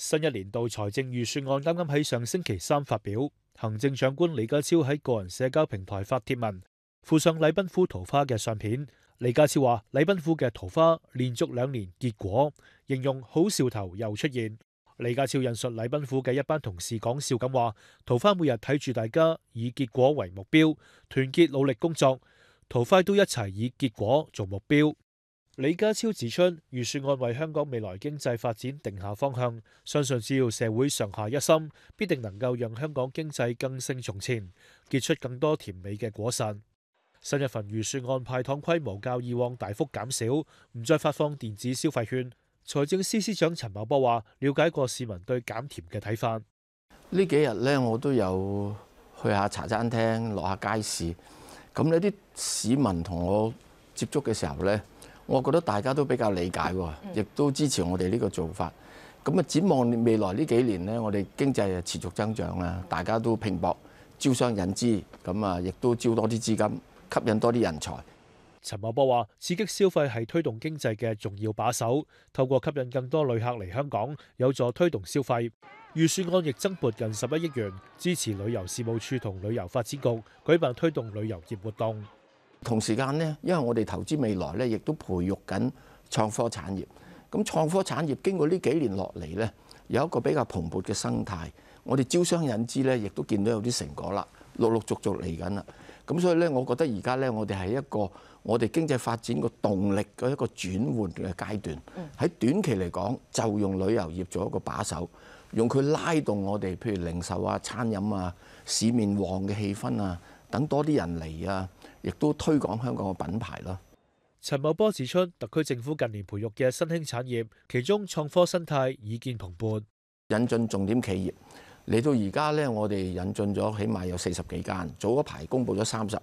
新一年度財政預算案啱啱喺上星期三發表，行政長官李家超喺個人社交平台發帖文，附上禮賓府桃花嘅相片。李家超話：禮賓府嘅桃花連續兩年結果，形容好兆頭又出現。李家超引述禮賓府嘅一班同事講笑咁話：桃花每日睇住大家以結果為目標，團結努力工作，桃花都一齊以結果做目標。李家超指出，預算案為香港未來經濟發展定下方向，相信只要社會上下一心，必定能夠讓香港經濟更勝從前，結出更多甜美嘅果實。新一份預算案派糖規模較以往大幅減少，唔再發放電子消費券。財政司司長陳茂波話，了解過市民對減甜嘅睇法。呢幾日呢，我都有去下茶餐廳，落下街市，咁呢啲市民同我接觸嘅時候呢。我覺得大家都比較理解喎，亦都支持我哋呢個做法。咁啊，展望未來呢幾年呢，我哋經濟持續增長啦，大家都拼搏、招商引資，咁啊，亦都招多啲資金，吸引多啲人才。陳茂波話：刺激消費係推動經濟嘅重要把手，透過吸引更多旅客嚟香港，有助推動消費。預算案亦增撥近十一億元，支持旅遊事務署同旅遊發展局舉辦推動旅遊業活動。同時間呢，因為我哋投資未來呢，亦都培育緊創科產業。咁創科產業經過呢幾年落嚟呢，有一個比較蓬勃嘅生態。我哋招商引資呢，亦都見到有啲成果啦，陸陸續續嚟緊啦。咁所以呢，我覺得而家呢，我哋係一個我哋經濟發展個動力嘅一個轉換嘅階段。喺短期嚟講，就用旅遊業做一個把手，用佢拉動我哋，譬如零售啊、餐飲啊，市面旺嘅氣氛啊。等多啲人嚟啊！亦都推廣香港嘅品牌啦。陳茂波指出，特區政府近年培育嘅新興產業，其中創科生態已見蓬勃，引進重點企業。嚟到而家咧，我哋引進咗起碼有四十幾間，早嗰排公布咗三十，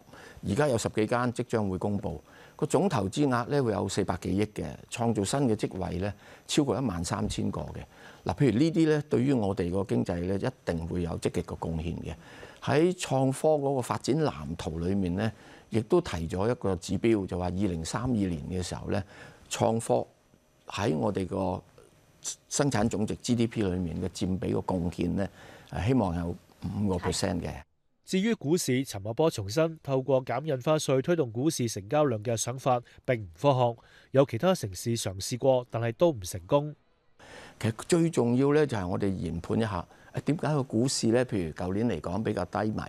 而家有十幾間即將會公布。個總投資額咧會有四百幾億嘅，創造新嘅職位咧超過一萬三千個嘅。嗱，譬如呢啲咧，對於我哋個經濟咧一定會有積極嘅貢獻嘅。喺創科嗰個發展藍圖裡面咧，亦都提咗一個指標，就話二零三二年嘅時候咧，創科喺我哋個生產總值 GDP 裏面嘅佔比個貢獻呢，希望有五個 percent 嘅。至於股市，陳茂波重申透過減印花稅推動股市成交量嘅想法並唔科學。有其他城市嘗試過，但係都唔成功。其實最重要呢，就係我哋研判一下，點解個股市呢？譬如舊年嚟講比較低迷，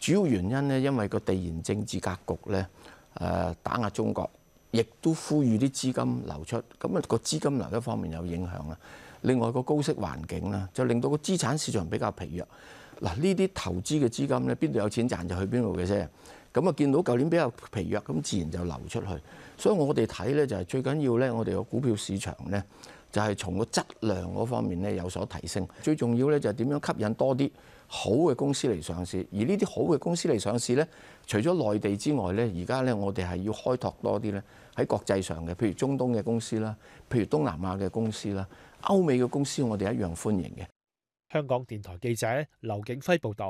主要原因呢，因為個地緣政治格局呢，誒打壓中國。亦都呼籲啲資金流出，咁啊，個資金流一方面有影響啦。另外個高息環境啦，就令到個資產市場比較疲弱。嗱，呢啲投資嘅資金咧，邊度有錢賺就去邊度嘅啫。咁啊，見到舊年比較疲弱，咁自然就流出去。所以我哋睇咧就係最緊要咧，我哋個股票市場咧，就係從個質量嗰方面咧有所提升，最重要咧就係點樣吸引多啲好嘅公司嚟上市，而呢啲好嘅公司嚟上市咧，除咗內地之外咧，而家咧我哋係要開拓多啲咧喺國際上嘅，譬如中東嘅公司啦，譬如東南亞嘅公司啦，歐美嘅公司我哋一樣歡迎嘅。香港電台記者劉景輝報道。